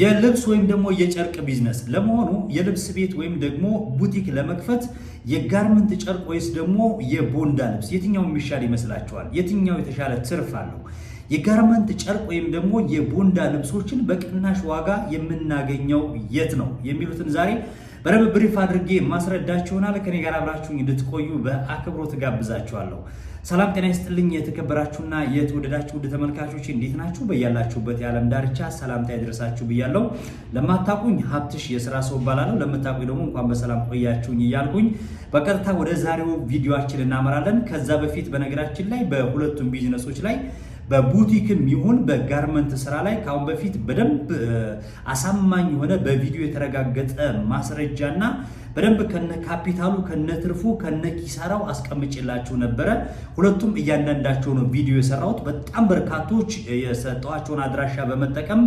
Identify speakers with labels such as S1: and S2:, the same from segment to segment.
S1: የልብስ ወይም ደግሞ የጨርቅ ቢዝነስ ለመሆኑ የልብስ ቤት ወይም ደግሞ ቡቲክ ለመክፈት የጋርመንት ጨርቅ ወይስ ደግሞ የቦንዳ ልብስ የትኛው የሚሻል ይመስላችኋል? የትኛው የተሻለ ትርፍ አለው? የጋርመንት ጨርቅ ወይም ደግሞ የቦንዳ ልብሶችን በቅናሽ ዋጋ የምናገኘው የት ነው የሚሉትን ዛሬ በደንብ ብሪፍ አድርጌ ማስረዳችሁናል። ከኔ ጋር አብራችሁኝ እንድትቆዩ በአክብሮት ጋብዛችኋለሁ። ሰላም ጤና ይስጥልኝ። የተከበራችሁና የተወደዳችሁ ውድ ተመልካቾች እንዴት ናችሁ? በያላችሁበት የዓለም ዳርቻ ሰላምታ ይድረሳችሁ ብያለሁ። ለማታቁኝ ሀብትሽ የስራ ሰው እባላለሁ። ለምታቁኝ ደግሞ እንኳን በሰላም ቆያችሁኝ እያልኩኝ በቀጥታ ወደ ዛሬው ቪዲዮችን እናመራለን። ከዛ በፊት በነገራችን ላይ በሁለቱም ቢዝነሶች ላይ በቡቲክም ይሁን በጋርመንት ስራ ላይ ከአሁን በፊት በደንብ አሳማኝ የሆነ በቪዲዮ የተረጋገጠ ማስረጃና በደንብ ከነ ካፒታሉ ከነ ትርፉ ከነ ኪሳራው አስቀምጬላችሁ ነበረ። ሁለቱም እያንዳንዳቸው ነው ቪዲዮ የሰራሁት። በጣም በርካቶች የሰጠኋቸውን አድራሻ በመጠቀም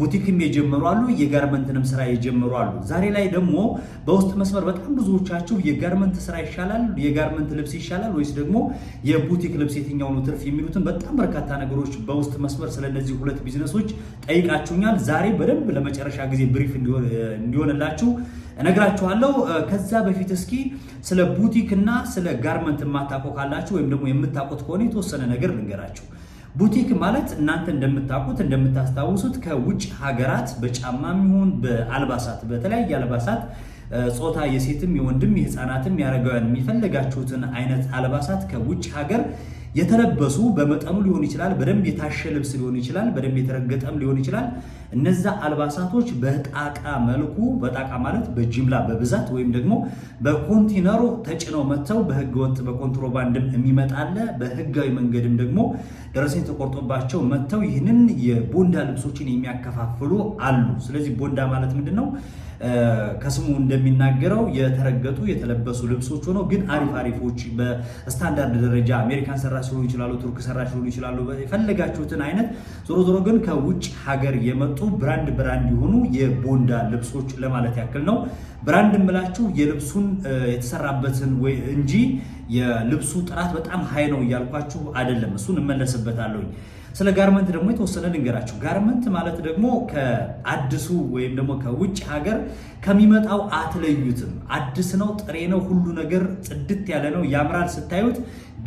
S1: ቡቲክም የጀመሩ አሉ፣ የጋርመንትንም ስራ የጀመሩ አሉ። ዛሬ ላይ ደግሞ በውስጥ መስመር በጣም ብዙዎቻችሁ የጋርመንት ስራ ይሻላል፣ የጋርመንት ልብስ ይሻላል ወይስ ደግሞ የቡቲክ ልብስ የትኛው ነው ትርፍ የሚሉትን በጣም በርካታ ነገሮች በውስጥ መስመር ስለነዚህ ሁለት ቢዝነሶች ጠይቃችሁኛል። ዛሬ በደንብ ለመጨረሻ ጊዜ ብሪፍ እንዲሆንላችሁ እነግራችኋለሁ። ከዛ በፊት እስኪ ስለ ቡቲክ እና ስለ ጋርመንት የማታውቁ ካላችሁ ወይም ደግሞ የምታውቁት ከሆነ የተወሰነ ነገር ልንገራችሁ። ቡቲክ ማለት እናንተ እንደምታውቁት እንደምታስታውሱት ከውጭ ሀገራት በጫማ የሚሆን በአልባሳት በተለያየ አልባሳት ጾታ የሴትም የወንድም የህፃናትም የአረጋውያን የሚፈልጋችሁትን አይነት አልባሳት ከውጭ ሀገር የተለበሱ በመጠኑ ሊሆን ይችላል፣ በደንብ የታሸ ልብስ ሊሆን ይችላል፣ በደንብ የተረገጠም ሊሆን ይችላል። እነዛ አልባሳቶች በጣቃ መልኩ በጣቃ ማለት በጅምላ በብዛት ወይም ደግሞ በኮንቲነሩ ተጭነው መጥተው በህገወጥ በኮንትሮባንድም የሚመጣለ በህጋዊ መንገድም ደግሞ ደረሰኝ ተቆርጦባቸው መጥተው ይህንን የቦንዳ ልብሶችን የሚያከፋፍሉ አሉ። ስለዚህ ቦንዳ ማለት ምንድን ነው? ከስሙ እንደሚናገረው የተረገጡ የተለበሱ ልብሶች ሆነው ግን አሪፍ አሪፎች በስታንዳርድ ደረጃ አሜሪካን ሰራሽ ሊሆኑ ይችላሉ፣ ቱርክ ሰራሽ ሊሆኑ ይችላሉ። የፈለጋችሁትን አይነት ዞሮ ዞሮ ግን ከውጭ ሀገር የመጡ ብራንድ ብራንድ የሆኑ የቦንዳ ልብሶች ለማለት ያክል ነው። ብራንድ ምላችሁ የልብሱን የተሰራበትን ወይ እንጂ የልብሱ ጥራት በጣም ሀይ ነው እያልኳችሁ አይደለም። እሱን እመለስበታለሁኝ። ስለ ጋርመንት ደግሞ የተወሰነ ልንገራችሁ። ጋርመንት ማለት ደግሞ ከአዲሱ ወይም ደግሞ ከውጭ ሀገር ከሚመጣው አትለዩትም። አዲስ ነው፣ ጥሬ ነው፣ ሁሉ ነገር ጽድት ያለ ነው፣ ያምራል ስታዩት።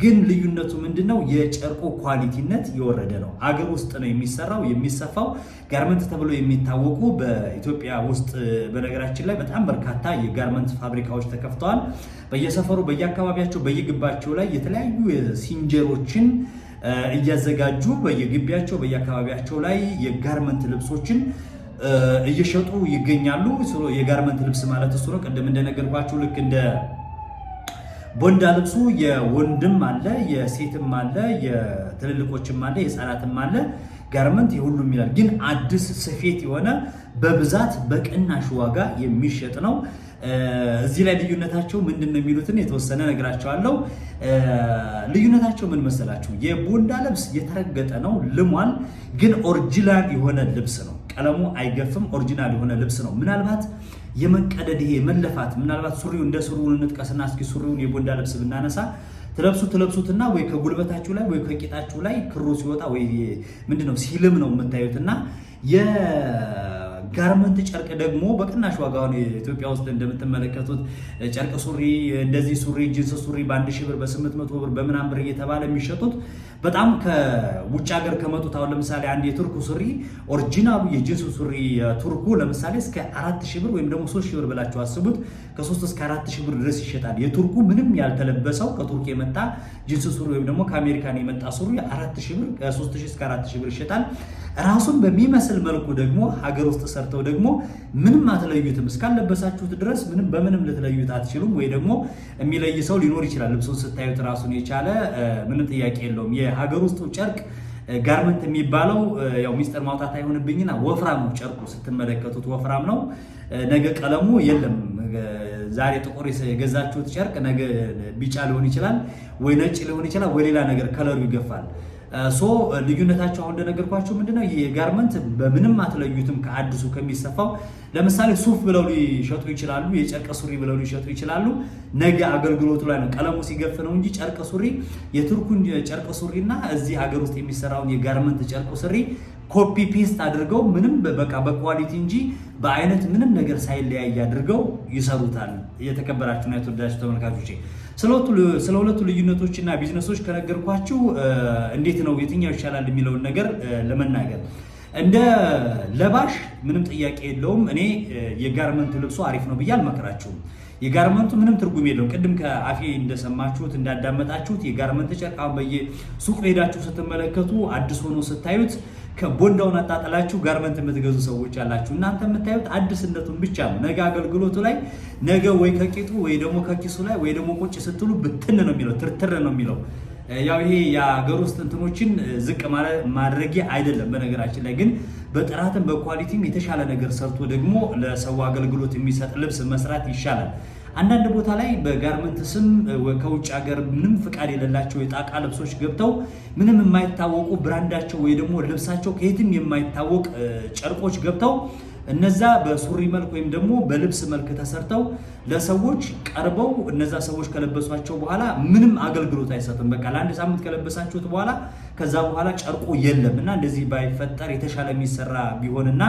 S1: ግን ልዩነቱ ምንድን ነው? የጨርቁ ኳሊቲነት የወረደ ነው። አገር ውስጥ ነው የሚሰራው የሚሰፋው። ጋርመንት ተብሎ የሚታወቁ በኢትዮጵያ ውስጥ በነገራችን ላይ በጣም በርካታ የጋርመንት ፋብሪካዎች ተከፍተዋል። በየሰፈሩ፣ በየአካባቢያቸው፣ በየግባቸው ላይ የተለያዩ ሲንጀሮችን እያዘጋጁ በየግቢያቸው በየአካባቢያቸው ላይ የጋርመንት ልብሶችን እየሸጡ ይገኛሉ። የጋርመንት ልብስ ማለት እሱ ነው። ቅድም እንደነገርኳችሁ ልክ እንደ ቦንዳ ልብሱ የወንድም አለ፣ የሴትም አለ፣ የትልልቆችም አለ፣ የህፃናትም አለ። ጋርመንት የሁሉም ይላል። ግን አዲስ ስፌት የሆነ በብዛት በቅናሽ ዋጋ የሚሸጥ ነው። እዚህ ላይ ልዩነታቸው ምንድን ነው የሚሉትን የተወሰነ ነግራቸዋለሁ። ልዩነታቸው ምን መሰላችሁ? የቦንዳ ልብስ የተረገጠ ነው፣ ልሟል። ግን ኦሪጂናል የሆነ ልብስ ነው። ቀለሙ አይገፍም። ኦሪጂናል የሆነ ልብስ ነው። ምናልባት የመቀደድ ይሄ መለፋት ምናልባት ሱሪው እንደ ሱሪውን እንጥቀስና እስኪ ሱሪውን የቦንዳ ልብስ ብናነሳ ትለብሱ ትለብሱትና ወይ ከጉልበታችሁ ላይ ወይ ከቂጣችሁ ላይ ክሩ ሲወጣ ወይ ምንድነው ሲልም ነው የምታዩትና ጋርመንት ጨርቅ ደግሞ በቅናሽ ዋጋ ነው። ኢትዮጵያ ውስጥ እንደምትመለከቱት ጨርቅ ሱሪ፣ እንደዚህ ሱሪ፣ ጅንስ ሱሪ በአንድ ሺህ ብር በስምንት መቶ ብር በምናምን ብር እየተባለ የሚሸጡት በጣም ከውጭ ሀገር ከመጡት አሁን ለምሳሌ አንድ የቱርኩ ሱሪ ኦሪጂናሉ የጅንስ ሱሪ ቱርኩ ለምሳሌ እስከ አራት ሺህ ብር ወይም ደግሞ ሶስት ሺህ ብር ብላችሁ አስቡት ከሶስት እስከ አራት ሺህ ብር ድረስ ይሸጣል። የቱርኩ ምንም ያልተለበሰው ከቱርክ የመጣ ጅንስ ሱሪ ወይም ደግሞ ከአሜሪካን የመጣ ሱሪ አራት ሺህ ብር ከሶስት ሺህ እስከ አራት ሺህ ብር ይሸጣል። ራሱን በሚመስል መልኩ ደግሞ ሀገር ውስጥ ሰርተው ደግሞ ምንም አትለዩትም። እስካለበሳችሁት ድረስ ምንም በምንም ልትለዩት አትችሉም። ወይ ደግሞ የሚለይ ሰው ሊኖር ይችላል። ልብሱን ስታዩት ራሱን የቻለ ምንም ጥያቄ የለውም። የሀገር ውስጡ ጨርቅ ጋርመንት የሚባለው ያው ሚስጥር ማውጣት አይሆንብኝና ወፍራም ነው ጨርቁ። ስትመለከቱት ወፍራም ነው። ነገ ቀለሙ የለም። ዛሬ ጥቁር የገዛችሁት ጨርቅ ነገ ቢጫ ሊሆን ይችላል፣ ወይ ነጭ ሊሆን ይችላል፣ ወይ ሌላ ነገር ከለሩ ይገፋል። ሶ ልዩነታቸው አሁን እንደነገርኳቸው ምንድነው ይሄ የጋርመንት በምንም አትለዩትም ከአዲሱ ከሚሰፋው። ለምሳሌ ሱፍ ብለው ሊሸጡ ይችላሉ፣ የጨርቅ ሱሪ ብለው ሊሸጡ ይችላሉ። ነገ አገልግሎቱ ላይ ነው ቀለሙ ሲገፍ ነው እንጂ ጨርቅ ሱሪ የቱርኩን ጨርቅ ሱሪ እና እዚህ ሀገር ውስጥ የሚሰራውን የጋርመንት ጨርቅ ሱሪ ኮፒ ፔስት አድርገው ምንም በቃ በኳሊቲ እንጂ በአይነት ምንም ነገር ሳይለያይ አድርገው ይሰሩታል። እየተከበራችሁ ነው የተወደዳችሁ ተመልካቾቼ ስለ ሁለቱ ልዩነቶችና ቢዝነሶች ከነገርኳችሁ እንዴት ነው የትኛው ይሻላል የሚለውን ነገር ለመናገር እንደ ለባሽ ምንም ጥያቄ የለውም። እኔ የጋርመንቱ ልብሶ አሪፍ ነው ብዬ አልመክራችሁም። የጋርመንቱ ምንም ትርጉም የለውም። ቅድም ከአፌ እንደሰማችሁት እንዳዳመጣችሁት የጋርመንት ጨርቅ በየ ሱቅ ሄዳችሁ ስትመለከቱ አዲስ ሆኖ ስታዩት ከቦንዳውን አጣጥላችሁ ጋርመንት የምትገዙ ሰዎች አላችሁ። እናንተ የምታዩት አዲስነቱን ብቻ ነው። ነገ አገልግሎቱ ላይ ነገ ወይ ከቂጡ ወይ ደግሞ ከኪሱ ላይ ወይ ደግሞ ቁጭ ስትሉ ብትን ነው የሚለው ትርትር ነው የሚለው ያው ይሄ የሀገር ውስጥ እንትኖችን ዝቅ ማድረጊያ አይደለም። በነገራችን ላይ ግን በጥራትም በኳሊቲም የተሻለ ነገር ሰርቶ ደግሞ ለሰው አገልግሎት የሚሰጥ ልብስ መስራት ይሻላል። አንዳንድ ቦታ ላይ በጋርመንት ስም ከውጭ ሀገር ምንም ፍቃድ የሌላቸው የጣቃ ልብሶች ገብተው ምንም የማይታወቁ ብራንዳቸው ወይ ደግሞ ልብሳቸው ከየትም የማይታወቅ ጨርቆች ገብተው እነዛ በሱሪ መልክ ወይም ደግሞ በልብስ መልክ ተሰርተው ለሰዎች ቀርበው እነዛ ሰዎች ከለበሷቸው በኋላ ምንም አገልግሎት አይሰጥም። በቃ ለአንድ ሳምንት ከለበሳችሁት በኋላ ከዛ በኋላ ጨርቁ የለም እና እንደዚህ ባይፈጠር የተሻለ የሚሰራ ቢሆንና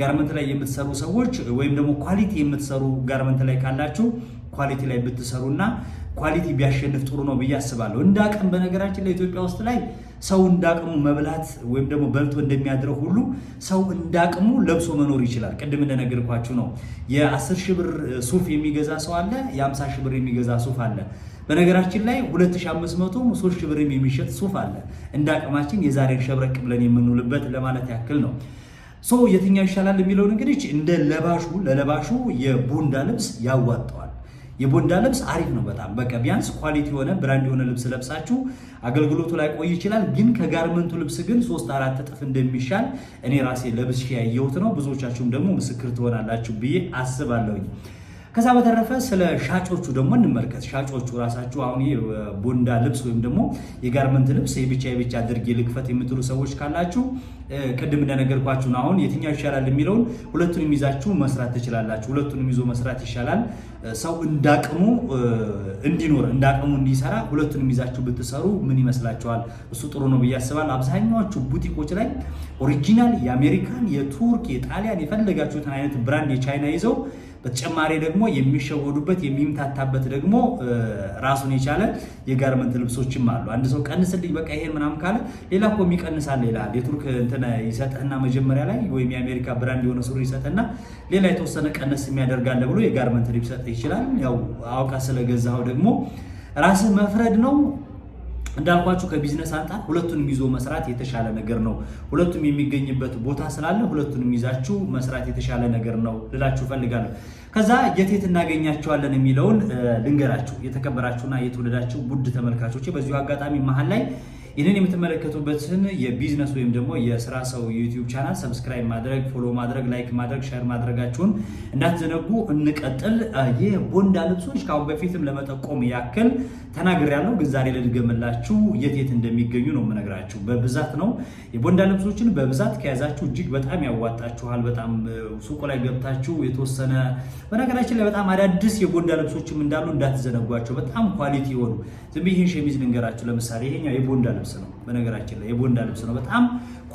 S1: ጋርመንት ላይ የምትሰሩ ሰዎች ወይም ደግሞ ኳሊቲ የምትሰሩ ጋርመንት ላይ ካላችሁ ኳሊቲ ላይ ብትሰሩና ኳሊቲ ቢያሸንፍ ጥሩ ነው ብዬ አስባለሁ። እንደ አቅም በነገራችን ላይ ኢትዮጵያ ውስጥ ላይ ሰው እንዳቅሙ መብላት ወይም ደግሞ በልቶ እንደሚያድረው ሁሉ ሰው እንዳቅሙ ለብሶ መኖር ይችላል። ቅድም እንደነገርኳችሁ ነው። የአስር ሺህ ብር ሱፍ የሚገዛ ሰው አለ። የአምሳ ሺህ ብር የሚገዛ ሱፍ አለ። በነገራችን ላይ 2500 ሶስት ሺህ የሚሸጥ ሱፍ አለ። እንደ አቅማችን የዛሬን ሸብረቅ ብለን የምንውልበት ለማለት ያክል ነው። ሶ የትኛው ይሻላል የሚለውን እንግዲህ እንደ ለባሹ ለለባሹ የቦንዳ ልብስ ያዋጠዋል። የቦንዳ ልብስ አሪፍ ነው በጣም በቃ ቢያንስ ኳሊቲ የሆነ ብራንድ የሆነ ልብስ ለብሳችሁ አገልግሎቱ ላይ ቆይ ይችላል። ግን ከጋርመንቱ ልብስ ግን ሶስት አራት እጥፍ እንደሚሻል እኔ ራሴ ለብሼ ያየሁት ነው። ብዙዎቻችሁም ደግሞ ምስክር ትሆናላችሁ ብዬ አስባለሁኝ። ከዛ በተረፈ ስለ ሻጮቹ ደግሞ እንመልከት። ሻጮቹ ራሳችሁ አሁን ቦንዳ ልብስ ወይም ደግሞ የጋርመንት ልብስ የብቻ የብቻ አድርጌ ልክፈት የምትሉ ሰዎች ካላችሁ ቅድም እንደነገርኳችሁን አሁን የትኛው ይሻላል የሚለውን ሁለቱንም ይዛችሁ መስራት ትችላላችሁ። ሁለቱንም ይዞ መስራት ይሻላል። ሰው እንዳቅሙ እንዲኖር እንዳቅሙ እንዲሰራ ሁለቱንም ይዛችሁ ብትሰሩ ምን ይመስላችኋል? እሱ ጥሩ ነው ብዬ አስባለሁ። አብዛኛዎቹ ቡቲኮች ላይ ኦሪጂናል የአሜሪካን፣ የቱርክ፣ የጣሊያን የፈለጋችሁትን አይነት ብራንድ የቻይና ይዘው በተጨማሪ ደግሞ የሚሸወዱበት የሚምታታበት ደግሞ ራሱን የቻለ የጋርመንት ልብሶችም አሉ። አንድ ሰው ቀንስልኝ በቃ ይሄን ምናምን ካለ ሌላ እኮ የሚቀንሳል ይላል። የቱርክ እንትን ይሰጥህና መጀመሪያ ላይ ወይም የአሜሪካ ብራንድ የሆነ ሱሪ ይሰጥህና ሌላ የተወሰነ ቀነስ የሚያደርጋለ ብሎ የጋርመንት ሊሰጥህ ይችላል። ያው አውቃ ስለገዛው ደግሞ ራስህ መፍረድ ነው። እንዳልኳችሁ ከቢዝነስ አንጻር ሁለቱንም ይዞ መስራት የተሻለ ነገር ነው። ሁለቱም የሚገኝበት ቦታ ስላለ ሁለቱንም ይዛችሁ መስራት የተሻለ ነገር ነው ልላችሁ ፈልጋለሁ። ከዛ የት የት እናገኛቸዋለን የሚለውን ልንገራችሁ። የተከበራችሁና የተወደዳችሁ ውድ ተመልካቾቼ በዚሁ አጋጣሚ መሀል ላይ ይህንን የምትመለከቱበትን የቢዝነስ ወይም ደግሞ የስራ ሰው ዩቲዩብ ቻናል ሰብስክራይብ ማድረግ፣ ፎሎ ማድረግ፣ ላይክ ማድረግ፣ ሼር ማድረጋችሁን እንዳትዘነጉ። እንቀጥል። የቦንዳ ልብሶች ከአሁን በፊትም ለመጠቆም ያክል ተናግሬያለሁ፣ ግን ዛሬ ልድገምላችሁ። የት የት እንደሚገኙ ነው የምነግራችሁ። በብዛት ነው የቦንዳ ልብሶችን በብዛት ከያዛችሁ እጅግ በጣም ያዋጣችኋል። በጣም ሱቁ ላይ ገብታችሁ የተወሰነ በነገራችን ላይ በጣም አዳዲስ የቦንዳ ልብሶችም እንዳሉ እንዳትዘነጓቸው። በጣም ኳሊቲ የሆኑ ዝም ብዬ ይህን ሸሚዝ ልንገራችሁ። ለምሳሌ ይሄኛው የቦንዳ ልብስ ልብስ ነው። በነገራችን ላይ የቦንዳ ልብስ ነው። በጣም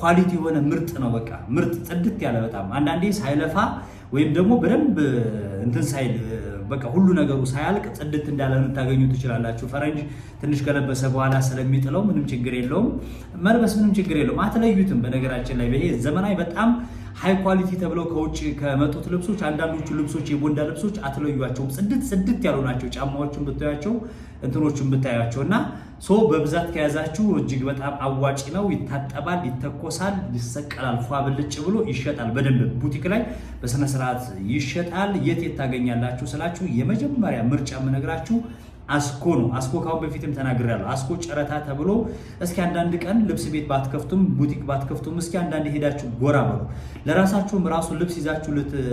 S1: ኳሊቲ የሆነ ምርጥ ነው። በቃ ምርጥ ጽድት ያለ በጣም አንዳንዴ ሳይለፋ ወይም ደግሞ በደንብ እንትን ሳይል በቃ ሁሉ ነገሩ ሳያልቅ ጽድት እንዳለ ልታገኙ ትችላላችሁ። ፈረንጅ ትንሽ ከለበሰ በኋላ ስለሚጥለው ምንም ችግር የለውም መልበስ፣ ምንም ችግር የለውም አትለዩትም። በነገራችን ላይ ይሄ ዘመናዊ በጣም ሃይ ኳሊቲ ተብለው ከውጭ ከመጡት ልብሶች አንዳንዶቹ ልብሶች የቦንዳ ልብሶች አትለዩቸውም። ጽድት ጽድት ያሉ ናቸው። ጫማዎችን ብታያቸው እንትኖችን ብታያቸው እና ሶ በብዛት ከያዛችሁ እጅግ በጣም አዋጭ ነው። ይታጠባል፣ ይተኮሳል፣ ይሰቀላል፣ ፏ ብልጭ ብሎ ይሸጣል። በደንብ ቡቲክ ላይ በስነስርዓት ይሸጣል። የት የት ታገኛላችሁ ስላችሁ የመጀመሪያ ምርጫ የምነግራችሁ አስኮ ነው። አስኮ ካሁን በፊትም ተናግሬያለሁ። አስኮ ጨረታ ተብሎ እስኪ አንዳንድ ቀን ልብስ ቤት ባትከፍቱም ቡቲክ ባትከፍቱም እስኪ አንዳንድ ሄዳችሁ ጎራ በሉ። ለራሳችሁም ራሱ ልብስ ይዛችሁ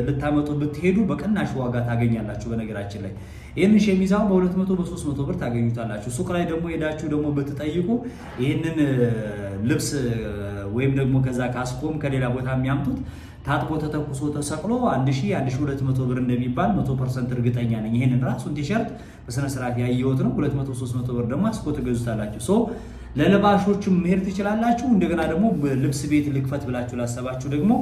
S1: ልታመጡ ብትሄዱ በቅናሽ ዋጋ ታገኛላችሁ። በነገራችን ላይ ይህንን ሸሚዛው በ በሁለት መቶ 300 መቶ ብር ታገኙታላችሁ። ሱቅ ላይ ደግሞ ሄዳችሁ ደግሞ ብትጠይቁ ይህንን ልብስ ወይም ደግሞ ከዛ ከአስኮም ከሌላ ቦታ የሚያምጡት ታጥቦ ተተኩሶ ተሰቅሎ 1200 ብር እንደሚባል 100% እርግጠኛ ነኝ። ይሄንን ራሱን ቲሸርት በስነ ስርዓት ያየሁት ነው። 2300 ብር ደግሞ አስኮ ትገዙታላችሁ። ሶ ለለባሾችም መሄድ ትችላላችሁ። እንደገና ደግሞ ልብስ ቤት ልክፈት ብላችሁ ላሰባችሁ ደግሞ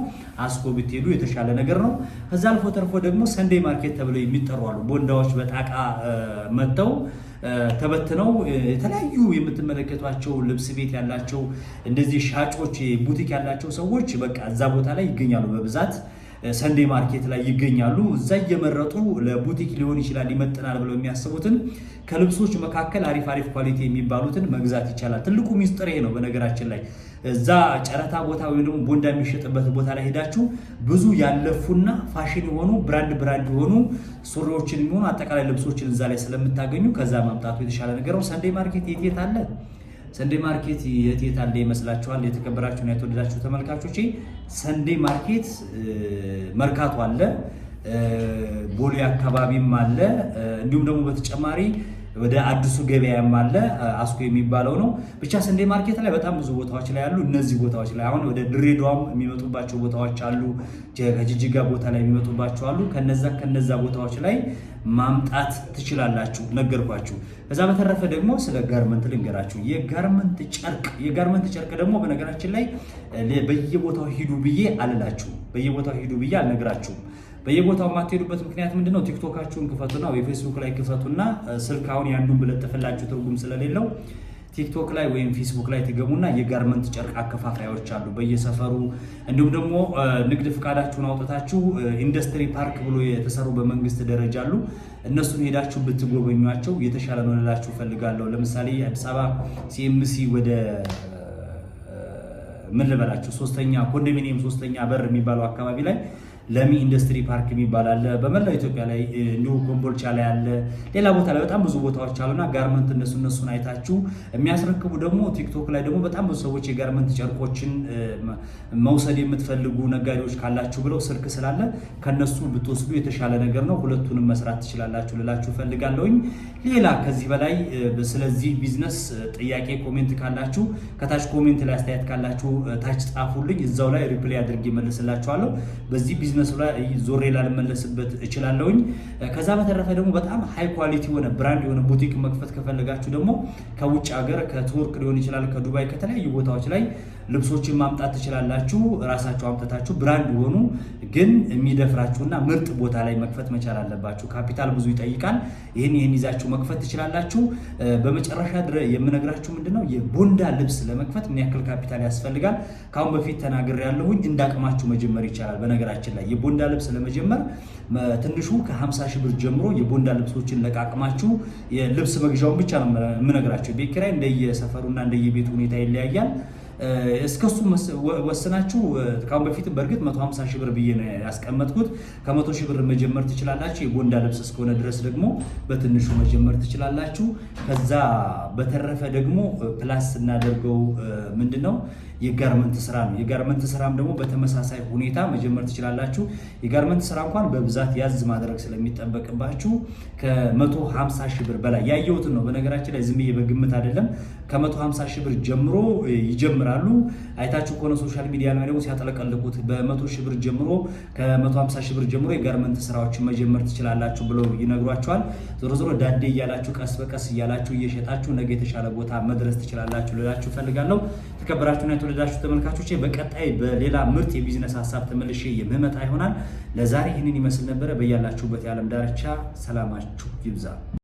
S1: አስኮ ብትሄዱ የተሻለ ነገር ነው። ከዛ አልፎ ተርፎ ደግሞ ሰንደይ ማርኬት ተብለው የሚጠሩ አሉ። ቦንዳዎች በጣቃ መጥተው ተበትነው የተለያዩ የምትመለከቷቸው ልብስ ቤት ያላቸው እንደዚህ ሻጮች ቡቲክ ያላቸው ሰዎች በቃ እዛ ቦታ ላይ ይገኛሉ በብዛት ሰንዴ ማርኬት ላይ ይገኛሉ። እዛ እየመረጡ ለቡቲክ ሊሆን ይችላል ይመጥናል ብለው የሚያስቡትን ከልብሶች መካከል አሪፍ አሪፍ ኳሊቲ የሚባሉትን መግዛት ይቻላል። ትልቁ ሚስጥር ይሄ ነው። በነገራችን ላይ እዛ ጨረታ ቦታ ወይም ደግሞ ቦንዳ የሚሸጥበት ቦታ ላይ ሄዳችሁ ብዙ ያለፉና ፋሽን የሆኑ ብራንድ ብራንድ የሆኑ ሱሪዎችን የሚሆኑ አጠቃላይ ልብሶችን እዛ ላይ ስለምታገኙ ከዛ ማምጣቱ የተሻለ ነገር ነው። ሰንዴ ማርኬት የት የት አለ? ሰንዴ ማርኬት የት የት አለ ይመስላችኋል? የተከበራችሁና የተወደዳችሁ ተመልካቾች ሰንዴ ማርኬት መርካቶ አለ፣ ቦሌ አካባቢም አለ። እንዲሁም ደግሞ በተጨማሪ ወደ አዲሱ ገበያም አለ አስኮ የሚባለው ነው። ብቻ ስንዴ ማርኬት ላይ በጣም ብዙ ቦታዎች ላይ አሉ እነዚህ ቦታዎች ላይ አሁን ወደ ድሬዳዋም የሚመጡባቸው ቦታዎች አሉ። ከጅጅጋ ቦታ ላይ የሚመጡባቸው አሉ። ከነዛ ከነዛ ቦታዎች ላይ ማምጣት ትችላላችሁ። ነገርኳችሁ። ከዛ በተረፈ ደግሞ ስለ ጋርመንት ልንገራችሁ። የጋርመንት ጨርቅ የጋርመንት ጨርቅ ደግሞ በነገራችን ላይ በየቦታው ሂዱ ብዬ አልላችሁም። በየቦታው ሂዱ ብዬ አልነግራችሁም። በየቦታው የማትሄዱበት ምክንያት ምንድን ነው? ቲክቶካችሁን ክፈቱና ወይ ፌስቡክ ላይ ክፈቱና ስልክ አሁን ያንዱን ብለጥፍላችሁ ትርጉም ስለሌለው ቲክቶክ ላይ ወይም ፌስቡክ ላይ ትገቡና የጋርመንት ጨርቅ አከፋፋዮች አሉ በየሰፈሩ። እንዲሁም ደግሞ ንግድ ፍቃዳችሁን አውጥታችሁ ኢንዱስትሪ ፓርክ ብሎ የተሰሩ በመንግስት ደረጃ አሉ። እነሱን ሄዳችሁ ብትጎበኟቸው የተሻለ ነው ልላችሁ ፈልጋለሁ። ለምሳሌ አዲስ አበባ ሲኤምሲ ወደ ምን ልበላችሁ ሶስተኛ ኮንዶሚኒየም ሶስተኛ በር የሚባለው አካባቢ ላይ ለሚ ኢንዱስትሪ ፓርክ የሚባል አለ፣ በመላው ኢትዮጵያ ላይ እንዲሁ ኮምቦልቻ ላይ አለ፣ ሌላ ቦታ ላይ በጣም ብዙ ቦታዎች አሉና ጋርመንት እነሱ እነሱን አይታችሁ የሚያስረክቡ ደግሞ ቲክቶክ ላይ ደግሞ በጣም ብዙ ሰዎች የጋርመንት ጨርቆችን መውሰድ የምትፈልጉ ነጋዴዎች ካላችሁ ብለው ስልክ ስላለ ከነሱ ብትወስዱ የተሻለ ነገር ነው። ሁለቱንም መስራት ትችላላችሁ ልላችሁ ፈልጋለሁኝ። ሌላ ከዚህ በላይ ስለዚህ ቢዝነስ ጥያቄ ኮሜንት ካላችሁ ከታች ኮሜንት ላይ አስተያየት ካላችሁ ታች ጻፉልኝ፣ እዛው ላይ ሪፕላይ አድርጌ መልስላችኋለሁ። በዚህ ቢዝነስ ዞሬ ላልመለስበት እችላለሁኝ። ከዛ በተረፈ ደግሞ በጣም ሃይ ኳሊቲ የሆነ ብራንድ የሆነ ቡቲክ መክፈት ከፈለጋችሁ ደግሞ ከውጭ ሀገር ከቱርክ ሊሆን ይችላል ከዱባይ ከተለያዩ ቦታዎች ላይ ልብሶችን ማምጣት ትችላላችሁ። ራሳችሁ አምጥታችሁ ብራንድ የሆኑ ግን የሚደፍራችሁና ምርጥ ቦታ ላይ መክፈት መቻል አለባችሁ። ካፒታል ብዙ ይጠይቃል። ይህን ይህን ይዛችሁ መክፈት ትችላላችሁ። በመጨረሻ ድረ የምነግራችሁ ምንድነው የቦንዳ ልብስ ለመክፈት ምን ያክል ካፒታል ያስፈልጋል? ከአሁን በፊት ተናግሬ ያለሁኝ እንዳቅማችሁ መጀመር ይቻላል። በነገራችን ላይ የቦንዳ ልብስ ለመጀመር ትንሹ ከ50 ሺህ ብር ጀምሮ የቦንዳ ልብሶችን ለቃቅማችሁ የልብስ መግዣውን ብቻ ነው የምነግራችሁ። ቤት ኪራይ እንደየሰፈሩና እንደየቤቱ ሁኔታ ይለያያል። እስከሱ ወስናችሁ ካሁን በፊት በእርግጥ 150 ሺህ ብር ብዬ ነው ያስቀመጥኩት። ከ100 ሺህ ብር መጀመር ትችላላችሁ። የጎንዳ ልብስ እስከሆነ ድረስ ደግሞ በትንሹ መጀመር ትችላላችሁ። ከዛ በተረፈ ደግሞ ፕላስ ስናደርገው ምንድን ነው የጋርመንት ስራ ነው። የጋርመንት ስራም ደግሞ በተመሳሳይ ሁኔታ መጀመር ትችላላችሁ። የጋርመንት ስራ እንኳን በብዛት ያዝ ማድረግ ስለሚጠበቅባችሁ ከ150 ሺህ ብር በላይ ያየሁትን ነው። በነገራችን ላይ ዝም ብዬ በግምት አይደለም ከ150 ሺህ ብር ጀምሮ ይጀምራሉ። አይታችሁ ከሆነ ሶሻል ሚዲያ ላይ ደግሞ ሲያጠለቀልቁት በ100 ሺህ ብር ጀምሮ ከ150 ሺህ ብር ጀምሮ የጋርመንት ስራዎችን መጀመር ትችላላችሁ ብለው ይነግሯቸዋል። ዞሮ ዞሮ ዳዴ እያላችሁ ቀስ በቀስ እያላችሁ እየሸጣችሁ ነገ የተሻለ ቦታ መድረስ ትችላላችሁ ልላችሁ እፈልጋለሁ። ተከበራችሁና የተወደዳችሁ ተመልካቾች በቀጣይ በሌላ ምርጥ የቢዝነስ ሀሳብ ተመልሼ የምመጣ ይሆናል። ለዛሬ ይህንን ይመስል ነበረ። በያላችሁበት የዓለም ዳርቻ ሰላማችሁ ይብዛ።